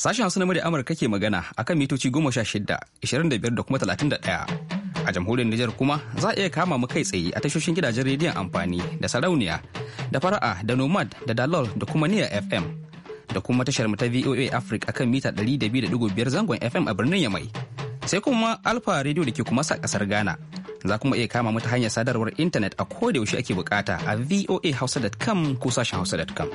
Sashen Hausa na murya Amurka ke magana akan mitoci goma sha shida, ishirin da kuma talatin A jamhuriyar Nijar kuma za a iya kama mu kai tsaye a tashoshin gidajen rediyon amfani da sarauniya da fara'a da nomad da dalol da kuma niya FM da kuma tashar mu ta VOA Africa kan mita 200.5 zangon FM a birnin Yamai. Sai kuma Alfa Radio da ke kuma sa kasar Ghana. Za kuma iya kama mu ta hanyar sadarwar intanet a koda yaushe ake bukata a voahausa.com ko sashen hausa.com.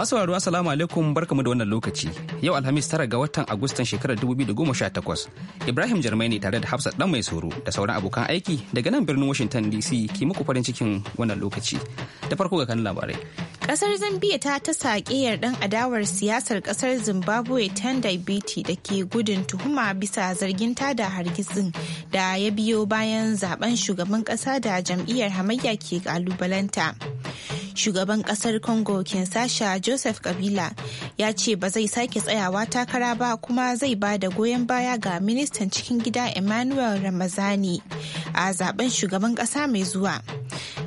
Masu sauraro assalamu alaikum barkamu da wannan lokaci. Yau Alhamis tara ga watan Agustan shekarar 2018. Ibrahim Jarmai ne tare da Hafsat dan mai soro da sauran abokan aiki daga nan birnin Washington DC ke muku farin cikin wannan lokaci. Da farko ga kan labarai. Kasar zambia ta ta saƙeyar ɗan adawar siyasar kasar Zimbabwe Tendai Biti da ke gudun tuhuma bisa zargin tada hargitsin da ya biyo bayan zaben shugaban kasa da jam'iyyar hamayya ke kalubalanta. shugaban kasar congo kinsasha joseph kabila ya ce ba zai sake tsayawa takara ba kuma zai ba da goyon baya ga ministan cikin gida emmanuel ramazani a zaben shugaban kasa mai zuwa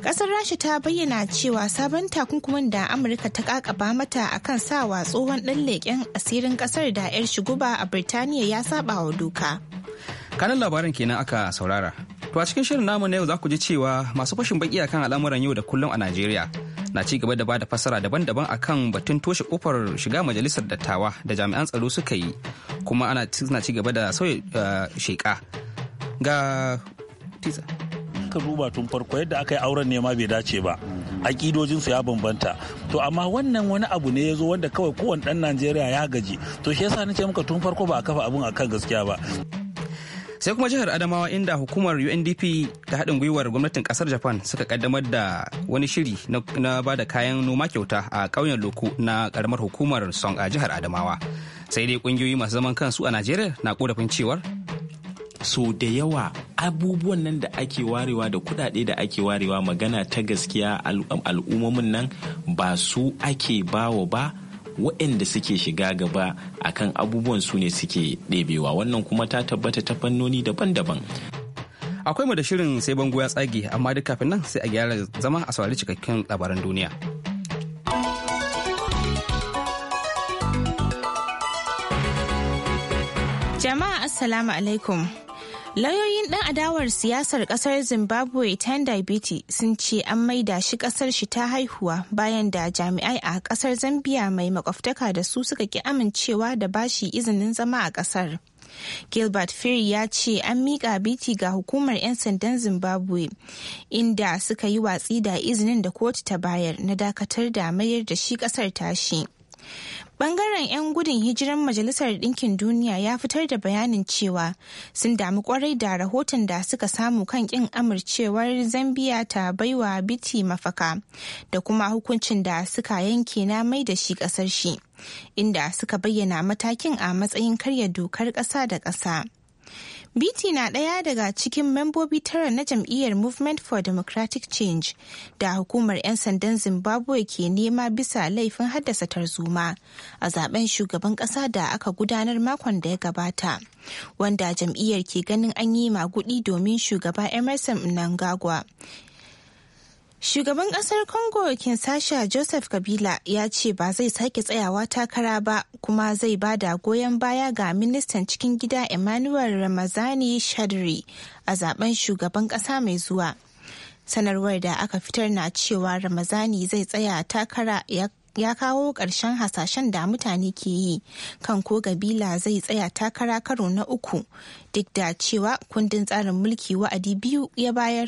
kasar rasha ta bayyana cewa sabon takunkumin da amurka ta kakaba mata a akan sawa tsohon dan leƙen asirin kasar da 'yar shiguba a birtaniya ya saba wa doka kanan labarin kenan aka saurara To a cikin shirin namu na yau za ku ji cewa masu fashin baki akan al'amuran yau da kullum a Najeriya na ci gaba da bada fassara daban-daban akan batun toshe kofar shiga majalisar dattawa da jami'an tsaro suka yi kuma ana ci gaba da sauya eh, sheka ga tisa aka duba tun farko yadda aka yi auren ne ma bai dace ba su ya bambanta to amma wannan wani abu ne ya zo wanda kawai kowane ɗan najeriya ya gaji to shi yasa ce muka tun farko ba a kafa abun akan gaskiya ba sai kuma jihar adamawa inda hukumar undp ta haɗin gwiwar gwamnatin ƙasar japan suka kaddamar da wani shiri na ba da kayan noma kyauta a ƙauyen loko na ƙaramar hukumar song a jihar adamawa sai dai ƙungiyoyi masu zaman kansu a najeriya na ƙorafin cewar so da yawa abubuwan nan da ake warewa da kudade da ake warewa magana ta gaskiya al'ummomin nan ba su ake bawa ba waɗanda suke shiga gaba akan abubuwan su ne suke ɗebewa wannan kuma ta tabbata ta fannoni daban-daban akwai mu da shirin sai bango ya tsage amma duk kafin nan sai a gyara zama a saurari cikakken labaran duniya jama'a assalamu alaikum Lauyoyin ɗan adawar siyasar ƙasar Zimbabwe Tendai Biti sun ce an maida shi ƙasar shi ta haihuwa bayan da jami'ai a ƙasar Zambia mai makwabtaka da su suka ki amincewa da bashi izinin zama a ƙasar. Gilbert Firi ya ce an miƙa biti ga hukumar 'yan sandan Zimbabwe inda suka yi watsi da izinin da kotu ta bayar na dakatar da mayar da shi ƙasar tashi. Bangaren 'yan gudun hijiran Majalisar Dinkin Duniya ya fitar da bayanin cewa sun damu kwarai da rahoton da suka samu kan ƙin amurcewar Zambiya ta baiwa biti mafaka da kuma hukuncin da suka yanke na mai da shi ƙasar shi, inda suka bayyana matakin a matsayin karya dokar ƙasa da ƙasa. Biti na ɗaya daga cikin membobi tara na jam'iyyar Movement for Democratic Change da hukumar 'yan sandan Zimbabwe ke nema bisa laifin haddasa tarzoma a zaben shugaban ƙasa da aka gudanar makon da ya gabata. Wanda jam'iyyar ke ganin an yi magudi domin shugaba Emerson Mnangagwa Shugaban ƙasar Congo Kinshasa Joseph Kabila ya ce ba zai sake tsayawa takara ba kuma zai bada goyon baya ga ministan cikin gida Emmanuel Ramazani Shadri a zaben shugaban ƙasa mai zuwa. Sanarwar da aka fitar na cewa Ramazani zai tsaya takara ya kawo ƙarshen hasashen da mutane ke yi kan ko gabila zai tsaya takara karo na uku duk da cewa kundin tsarin mulki wa'adi biyu ya bayar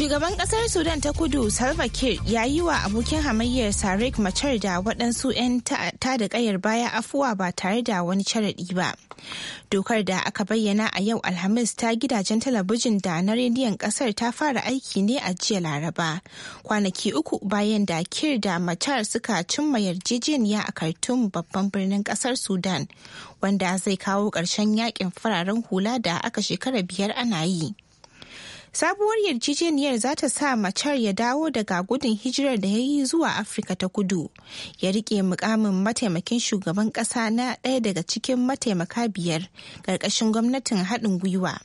Shugaban kasar Sudan ta kudu Salva Kiir ya yi wa abokin hamayyar Sarek Machar da waɗansu 'yan ta da ƙayar baya afuwa ba tare da wani sharaɗi ba. Dokar da aka bayyana a yau Alhamis ta gidajen talabijin da na rediyon ƙasar ta fara aiki ne a jiya Laraba. Kwanaki uku bayan da Kiir da Machar suka cimma yarjejeniya a Khartoum babban birnin ƙasar Sudan, wanda zai kawo ƙarshen yakin fararen hula da aka shekara biyar ana yi. Sabuwar yarjejeniyar za ta sa macar ya dawo daga gudun hijirar da ya yi zuwa Afirka ta kudu, ya rike mukamin mataimakin shugaban ƙasa na ɗaya daga cikin mataimaka biyar ƙarƙashin gwamnatin haɗin gwiwa.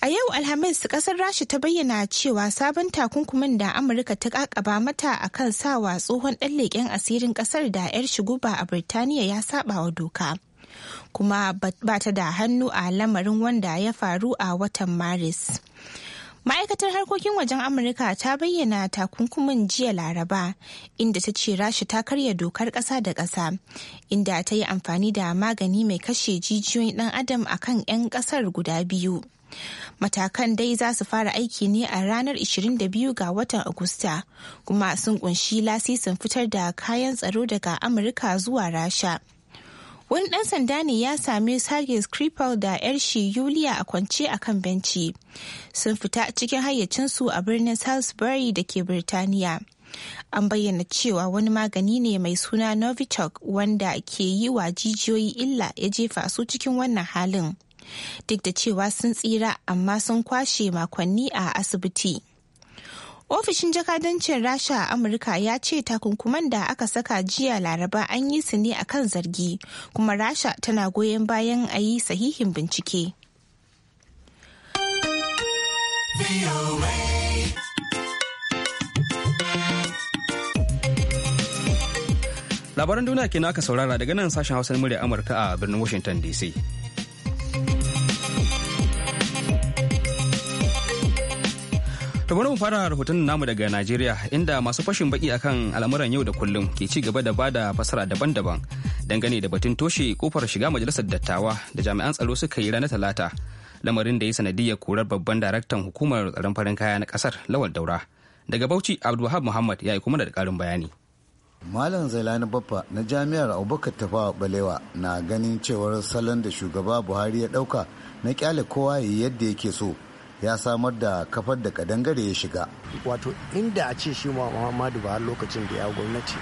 A yau Alhamis ƙasar Rasha ta bayyana cewa sabon takunkumin da Amurka ta ƙaƙaba mata a kan sawa tsohon ɗan leƙen asirin ƙasar da 'yar guba a Birtaniya ya saba wa doka. kuma ba ta da hannu a lamarin wanda ya faru a watan maris ma'aikatar harkokin wajen amurka ta bayyana takunkumin jiya laraba inda ta ce Rashi ta karya dokar ƙasa da ƙasa inda ta yi amfani da magani mai kashe jijiyoyin ɗan adam a kan 'yan ƙasar guda biyu matakan dai za su fara aiki ne a ranar 22 ga watan agusta kuma sun kunshi lasisin fitar da kayan tsaro daga amurka zuwa rasha wani ɗan sanda ne ya sami Sergei Skripal da 'yar shi Yulia a kwance a kan benci. Sun fita cikin hayyacinsu a birnin Salisbury da ke Birtaniya. An bayyana cewa wani magani ne mai suna Novichok wanda ke yi wa jijiyoyi illa ya jefa su cikin wannan halin. Duk da cewa sun tsira amma sun kwashe makonni a asibiti. Ofishin jakadancin Rasha a Amurka ya ce takunkuman da aka saka jiya Laraba an yi su ne akan zargi, kuma Rasha tana goyon bayan a yi sahihin bincike. Labaran duniya ke aka saurara daga nan sashen Hausa murya Amurka a birnin Washington DC. To bari mu fara rahoton namu daga Najeriya inda masu fashin baki akan al'amuran yau da kullum ke ci gaba da bada fasara daban-daban dangane da batun toshe kofar shiga majalisar dattawa da jami'an tsaro suka yi ranar talata lamarin da ya sanadiyar korar babban daraktan hukumar tsaron farin kaya na kasar lawal daura daga bauchi abdulwahab muhammad ya yi kuma da karin bayani Malam Zailani Baffa na Jami'ar Abubakar Tafawa Balewa na ganin cewar salon da shugaba Buhari ya dauka na kyale kowa yadda yake so ya samar da kafar da kadangare ya shiga wato inda a ce shi muhammadu buhari lokacin da ya gwamnati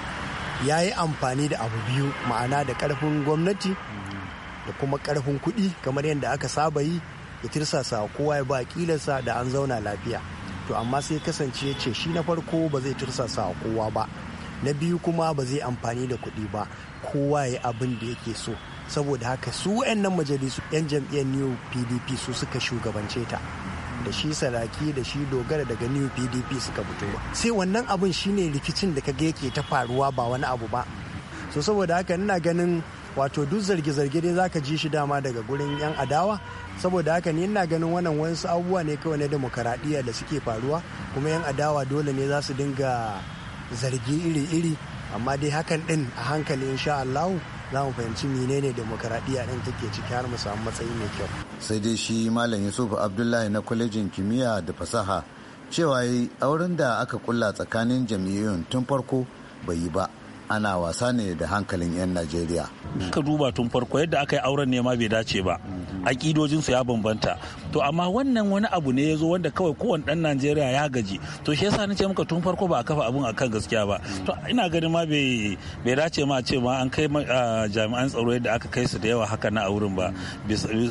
ya yi amfani da abu biyu ma'ana da karfin gwamnati da kuma karfin kuɗi kamar yadda aka saba yi ya tirsasa kowa ya ba kilarsa da an zauna lafiya to amma sai kasance ce shi na farko ba zai tirsasa kowa ba na biyu kuma ba zai amfani da kuɗi ba kowa ya abin da yake so saboda haka su 'yan nan majalisu 'yan jam'iyyar new pdp su suka shugabance ta da shi saraki da shi dogara daga new pdp suka fito sai wannan abun shine rikicin da kaga yake ta faruwa ba wani abu ba so saboda haka ina ganin wato duk zarge-zarge dai zaka ji shi dama daga gurin yan adawa saboda haka ni ina ganin wannan wasu abubuwa ne kawai na demokaradiyya da suke faruwa kuma yan adawa dole ne za su dinga zargi iri-iri amma dai hakan din a hankali insha Allah za mu fahimci menene demokaradiyya ɗin take ciki har mu samu matsayi mai kyau sai dai shi malam yusuf abdullahi na kwalejin kimiyya da fasaha cewa auren da aka kulla tsakanin jam'iyyun tun farko bai yi ba ana wasa ne da hankalin 'yan najeriya ka duba tun farko yadda aka yi auren ne ma bai dace ba aƙidojinsu ya bambanta to amma wannan wani abu ne ya zo wanda kawai kowane ɗan najeriya ya gaji to shi yasa ce maka tun farko ba a kafa abun akan gaskiya ba to ina ganin ma bai dace ma a ce ma an kai jami'an tsaro yadda aka kai su da yawa haka na a wurin ba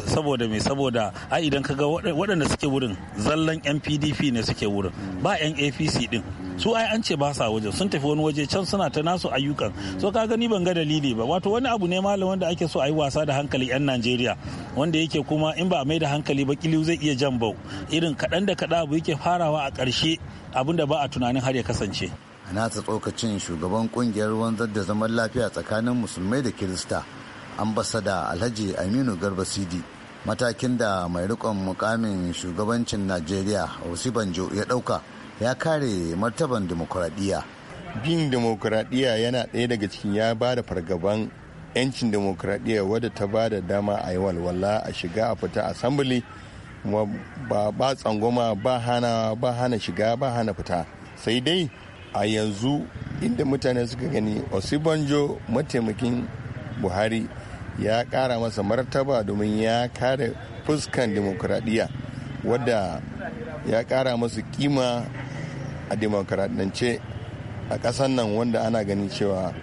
saboda me saboda a idan ka ga waɗanda suke wurin zallan yan pdp ne suke wurin ba yan apc din su ai an ce ba sa waje sun tafi wani waje can suna ta nasu ayyukan so ka gani ban ga dalili ba wato wani abu ne malam wanda ake so a yi wasa da hankali yan Najeriya wanda yake kuma in ba mai da hankali ba kiliu zai iya jan bau irin kaɗan da kaɗan abu yake farawa a ƙarshe abin ba a tunanin har ya kasance. na ta tsokacin shugaban kungiyar wanzar da zaman lafiya tsakanin musulmai da kirista ambasada alhaji aminu garba sidi matakin da mai rikon mukamin shugabancin najeriya banjo ya dauka ya kare martaban demokuraɗiyya. bin demokuraɗiyya yana ɗaya daga cikin ya ba da fargaban 'yancin demokuraɗiyya wadda ta ba da dama a yi walwala a shiga a fita asambili ba ba tsangoma ba hana ba hana shiga ba hana fita sai dai a yanzu inda mutane suka gani osibanjo mataimakin buhari ya kara masa martaba domin ya kare fuskan demokuraɗiyya wadda ya kara masa kima a dimokuraɗance a ƙasar nan wanda ana ganin cewa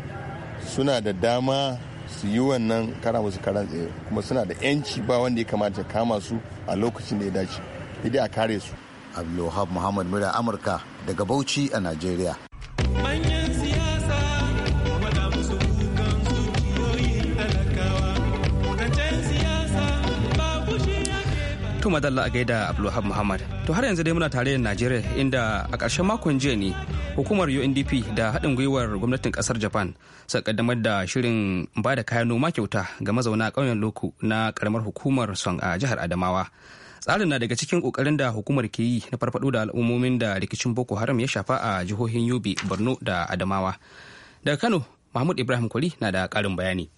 suna da dama su yi wannan kara musu karan tsaye kuma suna da yanci ba wanda ya kamata kama su a lokacin da ya dace idan a kare su abdulwahab muhammad mura amurka daga bauchi a nigeria To madalla a gaida Abdulwahab Muhammad. To har yanzu dai muna tare da Najeriya inda a ƙarshen makon jiya ne hukumar UNDP da haɗin gwiwar gwamnatin ƙasar Japan suka kaddamar da shirin ba da kayan noma kyauta ga mazauna ƙauyen Loku na ƙaramar hukumar son a jihar Adamawa. Tsarin na daga cikin ƙoƙarin da hukumar ke yi na farfaɗo da al'ummomin da rikicin Boko Haram ya shafa a jihohin Yobe, Borno da Adamawa. Daga Kano, Mahmud Ibrahim Kwari na da ƙarin bayani.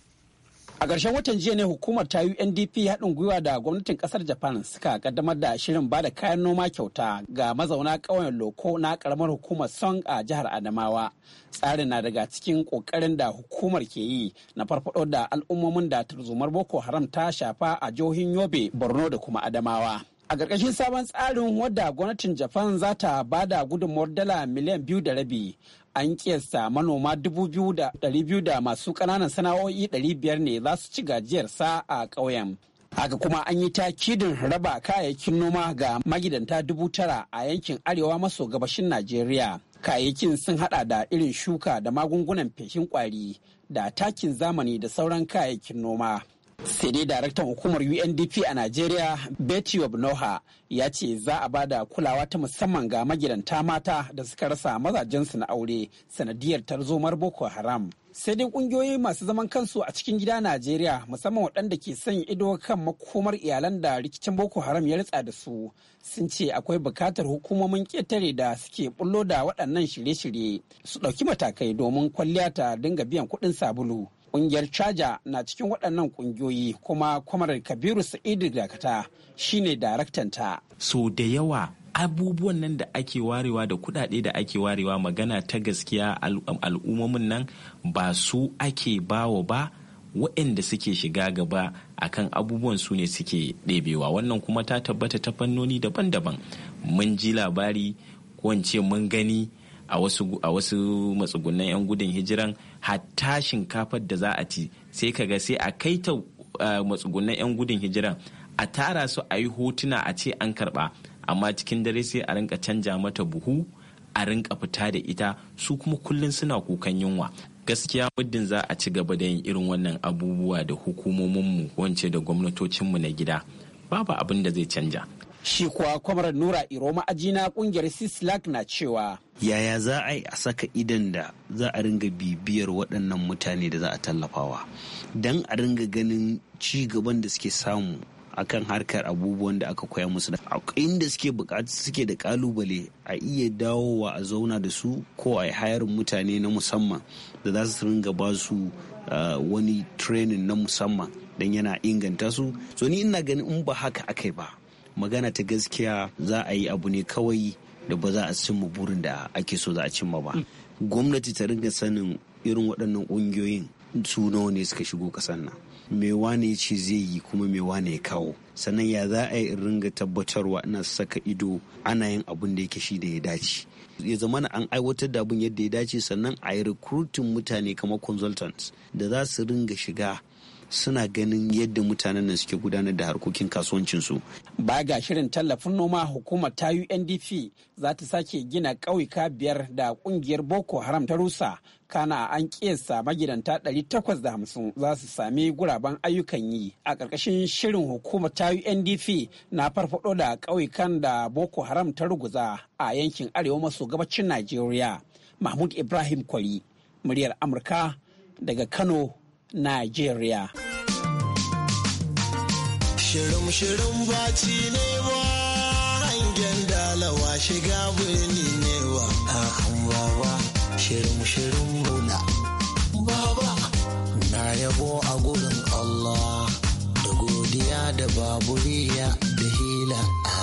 A ƙarshen watan jiya ne hukumar ta UNDP haɗin gwiwa da gwamnatin ƙasar Japan suka kaddamar da shirin ba da kayan noma kyauta ga mazauna ƙauyen Loko na ƙaramar hukumar Song a jihar Adamawa. Tsarin na daga cikin ƙoƙarin da hukumar ke yi na farfaɗo da al'ummomin da tarzomar Boko Haram ta shafa a jihohin Yobe, Borno da kuma Adamawa. a ƙarƙashin sabon tsarin wadda gwamnatin japan za ta ba da gudunmuwar dala miliyan biyu da rabi an kiyasta manoma biyu da masu kananan sana'o'i biyar ne za su ci sa a ƙauyen. Haka kuma an yi takidin raba kayayyakin noma ga magidanta dubu tara a yankin arewa maso gabashin Najeriya. Kayayyakin sun hada da irin shuka da magungunan feshin kwari da takin zamani da sauran kayayyakin noma. sai dai daraktan hukumar undp a najeriya betty obnoha ya ce za a ba da kulawa ta musamman ga magidanta mata da suka rasa mazajensu na aure sanadiyar tarzomar boko haram sai dai kungiyoyi masu zaman kansu a cikin gida najeriya musamman waɗanda ke son ido kan makomar iyalan da rikicin boko haram ya ritsa da su sun ce akwai bukatar hukumomin ƙetare da suke bullo da waɗannan shirye-shirye su ɗauki matakai domin kwalliya ta dinga biyan kuɗin sabulu kungiyar Caja na cikin waɗannan kungiyoyi kuma kwamarar Kabiru Sa'idu Dakata shine ta. So da yawa abubuwan nan da ake warewa da kudade da ake warewa magana ta gaskiya um, al'ummomin nan ba su ake bawa ba waɗanda suke shiga gaba akan abubuwan su ne suke ɗebewa wannan kuma ta tabbata ta fannoni daban-daban mun ji labari ko mun gani a wasu matsugunan 'yan gudun hijiran hatta shinkafar da za a ci sai ka ga sai a kai ta eh, matsugunan 'yan gudun hijiran a tara su a yi hotuna a ce an karba amma cikin dare sai a rinka canja mata buhu a rinka fita da ita su kuma kullum suna kukan yunwa gaskiya muddin za a ci gaba da yin irin wannan abubuwa da hukumominmu wance da gwamnatocinmu na gida babu abin da zai canja Shi kuwa kwamarar Nura Iroma Ajina kungiyar Sislak na cewa. Yaya za a yi a saka idan da za a ringa bibiyar waɗannan mutane da za a tallafawa don a ringa ganin ci gaban da suke samu akan harkar abubuwan da aka koya musu inda suke bukatu suke da kalubale a iya dawowa a zauna da su ko a hayar mutane na musamman da za su ringa ba su ah, wani training na musamman don yana inganta su so ni ina ganin in ba haka akai ba magana ta gaskiya za a yi abu ne kawai da ba za a cimma burin da ake so za a cimma ba hmm. gwamnati ta ringa sanin irin waɗannan ƙungiyoyin su nawa ne suka shigo kasan nan me wane ce zai yi kuma me wane ya kawo sannan ya za a yi ringa tabbatarwa ina saka ido ana yin abin da yake shi da ya dace ya zama na an aiwatar da abin yadda ya dace sannan a yi rekrutin mutane kamar consultants da za su ringa shiga suna ganin yadda mutanen nan suke gudanar da harkokin kasuwancinsu. ba ga shirin tallafin noma hukumar ta UNDP za ta sake gina ƙauyuka biyar da ƙungiyar Boko Haram ta rusa kana an ƙiyasta magidanta 850 za su sami guraben ayyukan yi a ƙarƙashin shirin hukumar ta UNDP na farfado da ƙauyukan da Boko Haram ta ruguza a yankin arewa maso gabacin Najeriya. Mahmud Ibrahim Kwari, muryar Amurka daga Kano, Najeriya. Shirin-shirin baci ne ba hangen dalawa shiga birni ne wa ahan baba shirin-shirin muna. Baba na yabo a gurin Allah da godiya da baburiya da hila a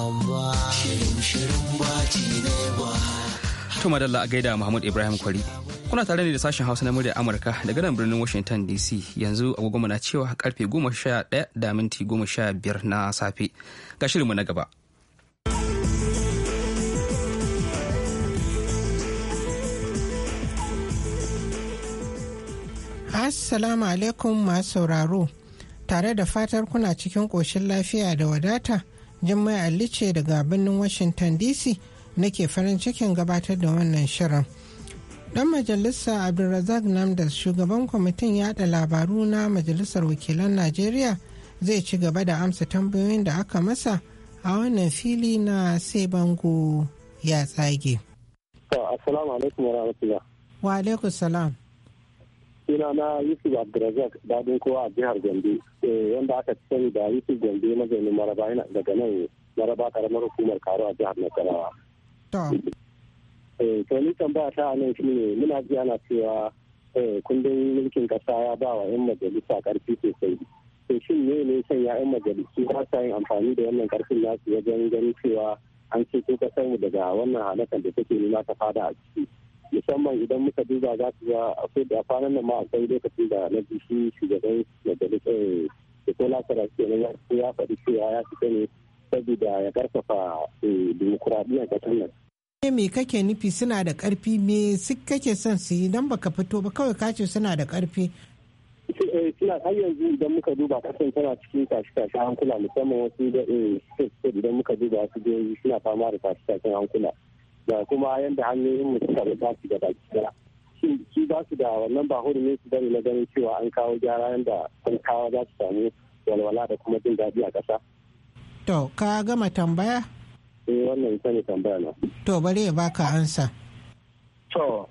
rabba. Shirin-shirin baci ne ba. Tuma a gaida Muhammad Ibrahim Kwari. Kuna tare ne da sashen Hausa na murya Amurka daga nan birnin Washington DC yanzu agogoma na cewa karfe 11 da minti 15 na safe. Ga shirinmu na gaba. Assalamu alaikum masu sauraro. Tare da fatar kuna cikin koshin lafiya da wadata, Jummai Ali ce daga birnin Washington DC nake farin cikin gabatar da wannan shirin. dan majalisa abdulrazak namdas shugaban kwamitin yada labaru na majalisar wakilan najeriya zai ci gaba da amsa tambayoyin da aka masa a wannan fili na sai bango ya tsage assalamu wa rahmatullah wa alaikum salam na yusuf abdulrazak dadin kowa a jihar gombe eh, wanda aka ci sani da yusuf gombe mazaunin maraba daga nan maraba karamar hukumar karo a jihar nasarawa Eh, to ni tambaya ta nan shi ne muna ji ana cewa eh, kundin mulkin kasa ya ba wa 'yan majalisa karfi sosai to shin ne ne sanya 'yan majalisu ba sa yin amfani da wannan karfin nasu wajen ganin cewa an ko kasar mu daga wannan halakar da take nuna ta fada a ciki musamman idan muka duba za su ga akwai da kwanan nan ma akwai lokacin da na bishi shugaban majalisar da eh, kola sarrafi ya faɗi cewa ya fita ne saboda ya karfafa dimokuraɗiyyar kasar nan me kake nufi suna da karfi me kake son su yi don baka fito ba kawai kace suna da karfi eh, suna har yanzu idan muka duba kasan tana cikin tashi tashi hankula musamman wasu da eh, idan muka duba wasu jihohi suna fama da tashi tashi hankula da kuma yadda hanyoyin mu suka ba su da baki daya shi ba su da wannan ba ne su bari na ganin cewa an kawo gyara yadda kawo za su samu walwala da kuma jin daɗi a ƙasa. to ka gama tambaya. eh wannan ita ne tambaya na to bari ya baka ansa to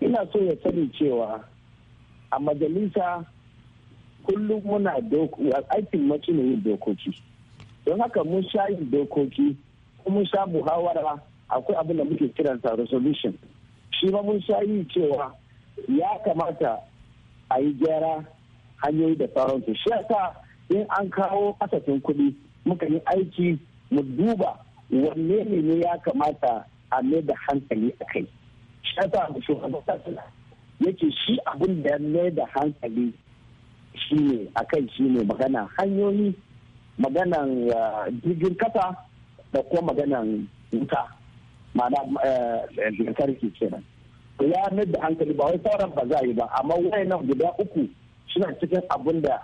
ina so ya sani cewa a majalisa kullum muna aikin mace ne yin dokoki don haka mun sha yin dokoki mun sha muhawara akwai abin da muke kiransa resolution shi ma mun sha yi cewa ya kamata a yi gyara hanyoyi da sauransu shi yasa in an kawo kasafin kuɗi muka yi aiki mu duba wanne ne ya kamata a mai da hankali a kai shata da shugaban yake shi abin da mai da hankali shi ne a kai shi ne magana hanyoyi maganan uh, jirgin kafa, da kuma maganan wuta ma'ana eh, lantarki kenan ya mai da hankali ba wai sauran ba za yi ba amma wayannan guda uku suna cikin abin da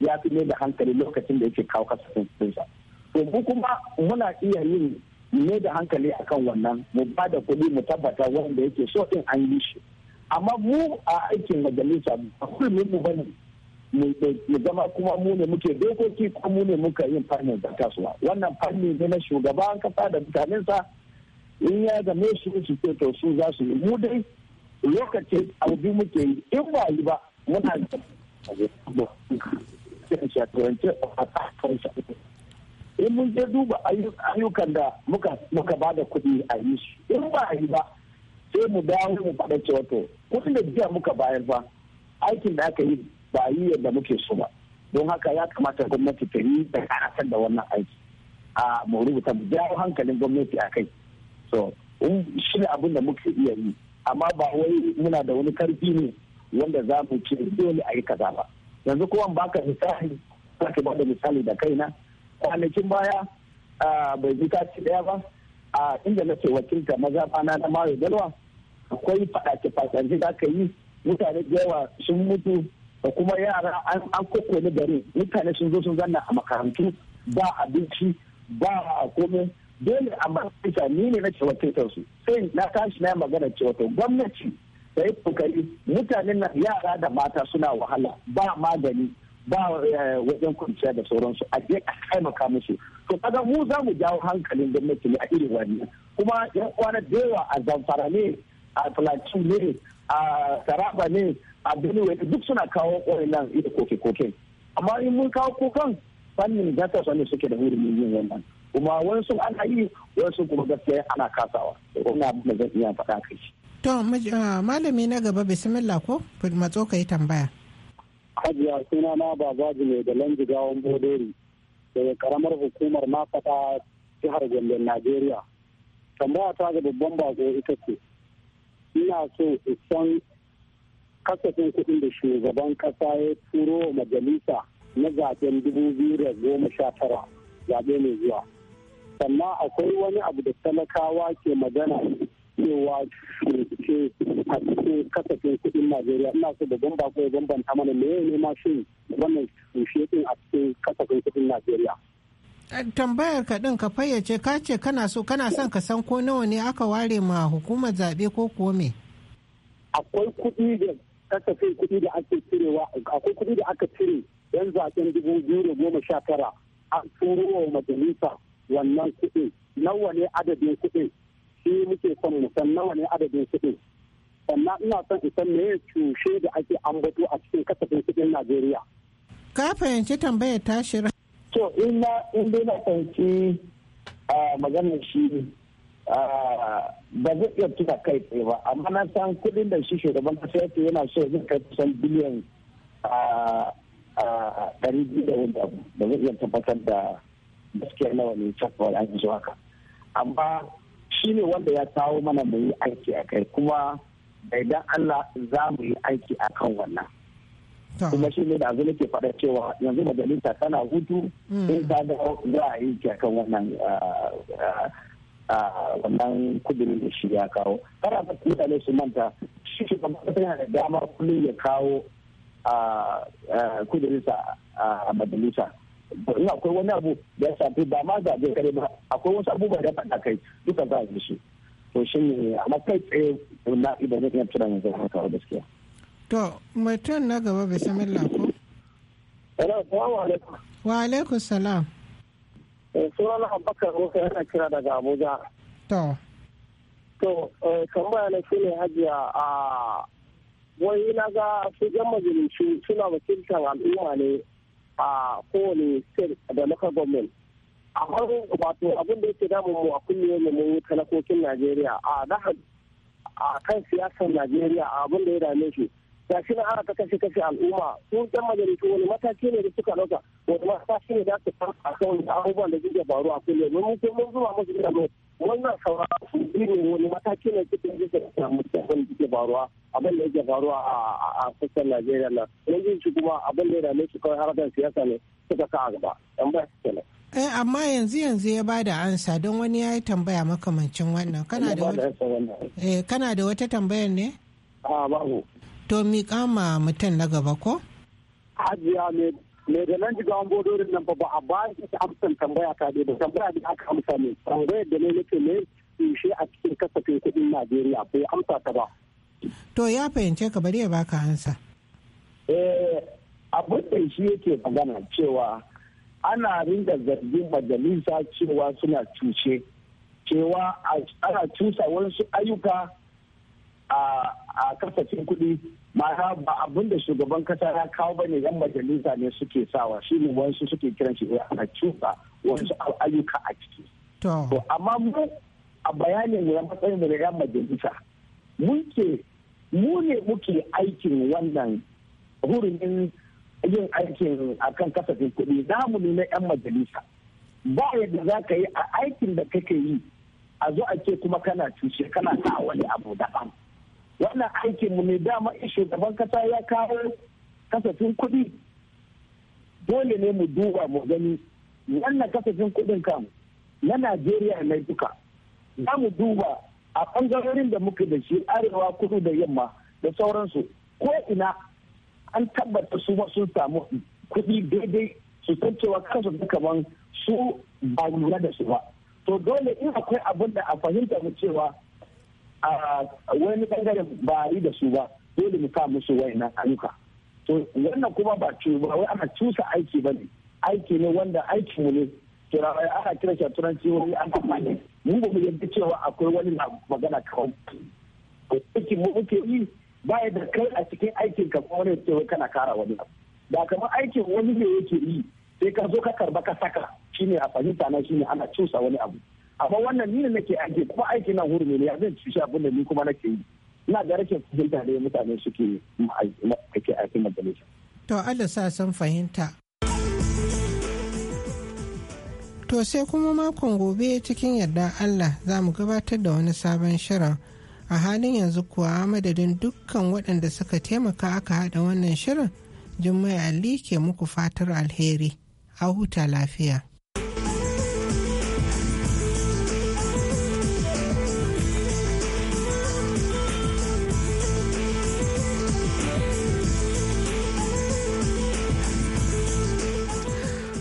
ya fi mai da hankali lokacin da yake kawo kasafin kuɗinsa. to kuma muna iya yin ne da hankali akan wannan mu ba da kuɗi mu tabbata wanda yake so in an yi shi amma mu a aikin majalisa a kulmin mu bane mu zama kuma mu ne muke dokoki ko mu ne muka yin fannin kasuwa wannan fanni ne na shugaban kasa da mutanensa in ya game su su ce to su za su yi mu dai lokaci abu muke yi in ba yi ba muna da in mun je duba ayyukan da muka ba da kuɗi a yi su in ba a yi ba sai mu dawo mu faɗa ce wato kuɗin da jiya muka bayar ba aikin da aka yi ba a yi yadda muke so ba don haka ya kamata gwamnati ta yi da karatar da wannan aiki a mu rubuta mu jawo hankalin gwamnati a kai so shi ne abin da muke iya yi amma ba wai muna da wani karfi ne wanda za mu ce dole a yi kaza ba yanzu kuma baka misali za ka bada misali da kaina kwanakin baya bai ji kaci daya ba a inda ce wakilta maza bana na mayo galwa akwai fadace fadace da aka yi mutane da yawa sun mutu da kuma yara an ni gari mutane sun zo sun zanna a makarantu ba abinci ba a komai dole a matsayi ni ne na ce wakiltar su sai na tashi na magana ce wato gwamnati da yi kokari mutanen nan yara da mata suna wahala ba magani ba eh, wajen kwanciya da sauransu a je a taimaka musu to kaga mu za mu jawo hankalin gwamnati ne a irin wannan kuma yan kwana da yawa a zamfara ne a plateau ne a taraba ne a benue duk suna kawo nan ita koke-koke amma in mun kawo kokan fannin gasa sani suke da mun yin wannan kuma wasu ana yi wasu kuma gaskiya ana kasawa ina abin da zan iya faɗa kai to ah, malami na gaba bismillah ko matso ka yi tambaya hajiya suna na babaji ne da gawon bodori daga karamar hukumar mafata jihar gombe najeriya tambaya ta ga babban bako ita ce ina so san kasafin kuɗin da shugaban ƙasa ya turo majalisa na zaben dubu biyu da goma sha tara zaɓe mai zuwa sannan akwai wani abu da talakawa ke magana cewa ce a cikin kasafin kudin najeriya ina so da bamba ko bambanta mana me ne ma shin wannan tushe din a cikin kasafin kudin najeriya eh, tambayar ka din ka fayyace ka ce kana so kana son ka san ko nawa ne aka ware ma hukumar zaɓe ko kuwa me akwai kuɗi da kasafin kuɗi da ake cirewa akwai kuɗi da aka cire yan zaben dubu biyu da goma sha tara an turo majalisa wannan kuɗi nawa ne adadin kuɗin shi muke son musan nawa ne adadin kuɗin sannan ina son isan me ya cushe da ake ambato a cikin kasafin kuɗin najeriya ka fahimci tambayar tashi to in na in dai na fahimci maganar shi ba zai iya tuna kai tsaye ba amma na san kuɗin da shi shugaban kasa yake yana so zai kai kusan biliyan ɗari biyu da wanda ba zai iya tabbatar da gaskiya nawa ne cakwa da ake ka amma shi ne wanda ya kawo mana mu yi aiki a kai kuma da idan Allah za mu yi aiki a kan wannan. kuma shi ne da azu nake faɗa cewa yanzu majalisa tana hutu mm. in ta ga za a yi a kan wannan wannan kudirin da shi ya kawo kana da mutane su manta shi shi kuma yana da damar kullum ya kawo kudirinsa a majalisa in akwai wani abu da ya shafi ba ma zaɓe kare ba akwai wasu abubuwa da faɗa kai duka za a yi shi to shi ne amma kai tsaye na idan ne iya tura yanzu haka wa gaskiya. to tun na gaba bisimillah ko. salamu alaikum. wa alaikum salam. Eh, sunan abubakar musa yana kira daga abuja. to. to eh, tambaya na shi ne hajiya a ah, wai na ga su jan majalisu suna wakiltar al'umma ne a kowane state da local government wani wato abin da yake damun mu a kullum mu talakokin Najeriya a dahar a kan siyasar Najeriya a abin da ya dame shi ga shi na ana kashe kashe al'umma sun san majalisu wani mataki ne da suka ɗauka wani mataki ne da su a kan abubuwan da suke faru a kullum mun mun zuwa musu da wannan saura su irin wani mataki ne cikin jisa da musamman da ke faruwa abin da yake faruwa a sassan najeriya na yanzu shi kuma abin da ya dame shi kawai harkar siyasa ne suka sa a gaba yan ba su kenan. Eh, amma yanzu yanzu ya ba da ansa don wani ya yi tambaya makamancin wannan kana da wata eh, kana da wata tambayar ne? A ah, babu. To mi kama mutum na gaba ko? Hajiya ne mai da nan jigawan bodorin nan ba a ba shi ta amsan tambaya ta dai ba tambaya da aka amsa ne tambayar da ne nake ne tushe a cikin kasafin kuɗin najeriya bai amsa ta ba. to ya fahimce ka bari ya baka ansa. eh abin da shi yake magana cewa ana ringa zargin majalisa cewa suna cuce cewa ana cusa wasu ayyuka a kasafin kuɗi ma'ana ba abin da shugaban kasa ya kawo bane yan majalisa ne suke sawa shi ne wasu suke kiran shi eh, a cuka wasu ayyuka a ciki to amma mu a bayanin mu na matsayin mu yan majalisa muke mu ne muke aikin wannan hurumin yin aikin akan kasafin kuɗi mu ne na yan majalisa ba yadda za ka yi a aikin da kake yi a zo a ce kuma kana tushe kana sa wani abu daban wannan aikin mu ne dama in shugaban kasa ya kawo kasafin kuɗi dole ne mu duba mu gani wannan kasafin kuɗin kan na najeriya na duka za mu duba a ɓangarorin da muke da shi arewa kudu da yamma da sauransu ko ina an tabbata su ma sun samu kuɗi daidai su san cewa kansu da kaman su ba lura da su ba to dole in akwai abin da a fahimta mu cewa a wani bangaren ba yi da su ba dole mu sa musu wayannan ayyuka to wannan kuma ba ba wai ana cusa aiki ba ne aiki ne wanda aiki mu ne turawai ana kira shi turanci wani an amfani mu ba mu yadda cewa akwai wani na magana kawai aikin mu muke yi ba ya da kai a cikin aikin ka kuma wani cewa kana kara wani Ba kamar aikin wani ne yake yi sai ka zo ka karba ka saka shine a fahimta na shine ana cusa wani abu amma wannan ni ne nake aiki kuma aiki na hurumi ne ya zan ci da ni kuma nake yi ina da rashin fahimta da mutane suke ake aikin majalisa. To Allah sa san fahimta. To sai kuma makon gobe cikin yarda Allah za mu gabatar da wani sabon shirin. A halin yanzu kuwa madadin dukkan waɗanda suka taimaka aka haɗa wannan shirin, Jummai Ali ke muku fatar alheri. A huta lafiya.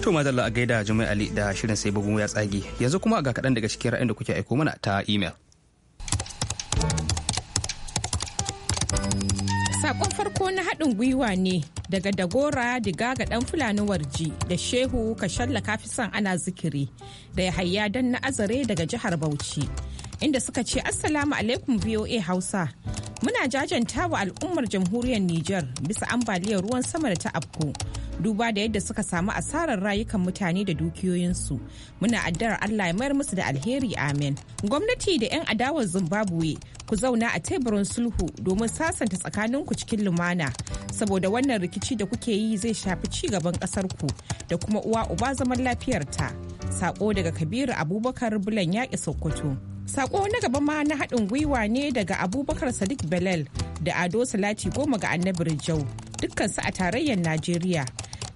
To madalla a gaida Jummai Ali da shirin sai bugun ya tsagi Yanzu kuma ga kaɗan daga cikin ra'ayin da kuke aiko mana ta email. Sakon farko na haɗin gwiwa ne daga Dagora diga ga ɗan Fulani Warji da Shehu Kashalla son ana zikiri da Yahaya dan na azare daga jihar Bauchi. Inda suka ce Assalamu alaikum VOA Hausa. Muna jajanta wa al'ummar jamhuriyar Nijar bisa ambaliyar ruwan sama da ta afku. duba da yadda suka samu asarar rayukan mutane da dukiyoyinsu muna addu'ar allah ya mayar musu da alheri amen. gwamnati da 'yan adawar zimbabwe ku zauna a teburin sulhu domin sasanta tsakaninku cikin lumana saboda wannan rikici da kuke yi zai shafi ci gaban ku da kuma uwa uba zaman lafiyarta sako daga kabiru abubakar bulan yaƙi sokoto sako na gaba ma na haɗin gwiwa ne daga abubakar sadiq belal da ado salati goma ga annabi rijau dukkansu a tarayyar Najeriya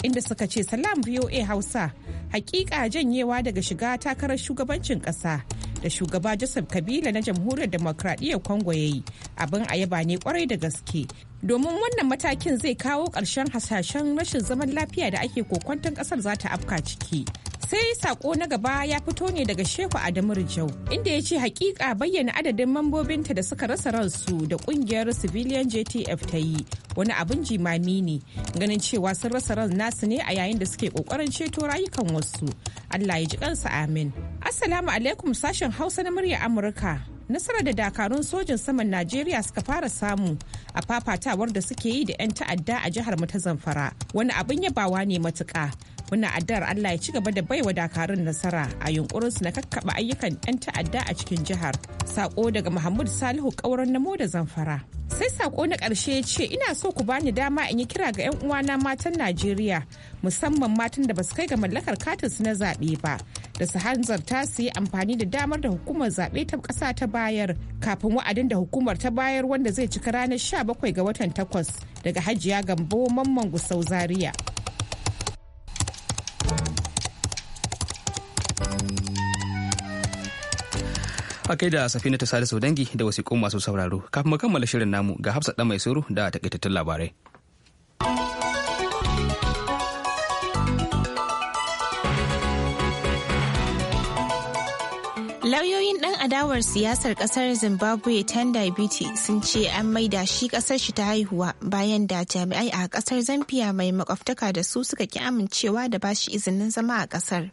inda suka ce salam VOA Hausa hakika janyewa daga shiga takarar shugabancin kasa da shugaba Joseph Kabila na jamhuriyar demokradiyyar Congo ya yi abin a yaba ne kwarai da gaske domin wannan matakin zai kawo ƙarshen hasashen rashin zaman lafiya da ake kokwanton ƙasar za ta afka ciki sai sako na gaba ya fito ne daga shehu adamu rijau inda ya ce hakika bayyana adadin mambobinta da suka rasa ransu da kungiyar civilian jtf ta yi wani abin jimami ne ganin cewa sun rasa ran nasu ne a yayin da suke kokarin ceto rayukan wasu allah ya ji kansa amin assalamu alaikum sashen hausa na murya amurka nasarar da dakarun sojin saman najeriya suka fara samu a fafatawar da suke yi da 'yan ta'adda a jihar mu ta zamfara wani abin yabawa ne matuka muna addar Allah ya ci gaba da baiwa dakarun nasara a yunkurin su na kakkaba ayyukan 'yan ta'adda a cikin jihar. Sako daga Muhammad Salihu ƙauren namo da zamfara. Sai sako na ƙarshe ce ina so ku bani dama in yi kira ga 'yan uwana matan Najeriya musamman matan da ba su kai ga mallakar katin su na zaɓe ba da su hanzarta su yi amfani da damar da hukumar zaɓe ta ƙasa ta bayar kafin wa'adin da hukumar ta bayar wanda zai cika ranar 17 ga watan 8 daga Hajiya Gambo Mamman Gusau Zaria. a kai da safina ta salisu dangi da wasiƙu masu sauraro kafin mu kammala shirin namu ga hafsa ɗan mai suru da takaitattun labarai lauyoyin dan adawar siyasar kasar zimbabwe tanda biti sun ce an maida shi kasar shi ta haihuwa bayan da jami'ai a kasar zambia mai makwabtaka da su suka ki amincewa da bashi izinin zama a kasar.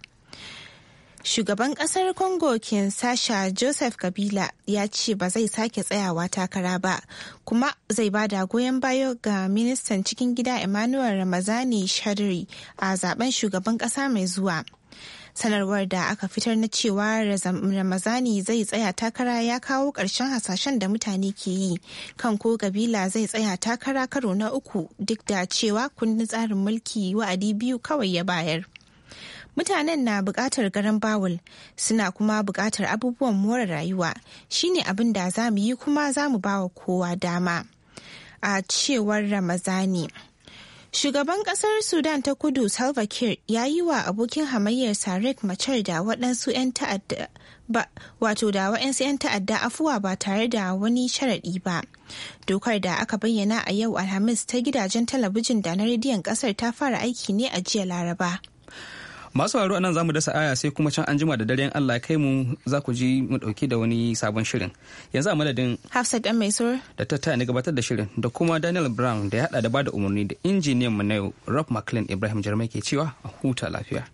Shugaban kasar Congo Kinshasa Joseph Kabila ya ce ba zai sake tsayawa takara ba, kuma zai bada goyon bayo ga ministan cikin gida Emmanuel Ramazani Shadri a zaben shugaban kasa mai zuwa. sanarwar da aka fitar na cewa ramazani zai tsaya takara ya kawo ƙarshen hasashen da mutane ke yi kan ko kabila zai tsaya takara karo na uku duk da cewa kundin tsarin mulki wa'adi biyu kawai ya bayar mutanen na buƙatar garan bawul suna kuma buƙatar abubuwan more rayuwa shine abin da za mu yi kuma za mu wa kowa dama a cewar ramazani shugaban ƙasar sudan ta kudu salva kiir ya yi wa abokin hamayyar sarek Machar da waɗansu 'yan ta'adda ba wato da waɗansu 'yan ta'adda afuwa ba tare da wani sharaɗi ba dokar da aka bayyana a yau alhamis ta gidajen talabijin da na rediyon ƙasar ta fara aiki ne a jiya laraba masu haro anan zamu dasa aya sai kuma can anjima da daren Allah kai mu za ku ji mu dauki da wani sabon shirin yanzu a madadin Hafsat dan Maisur da ta taya ni gabatar da shirin da kuma Daniel Brown da ya hada da bada umarni da injiniyan mu na yau Rob McLean Ibrahim Jarmai ke cewa a huta lafiya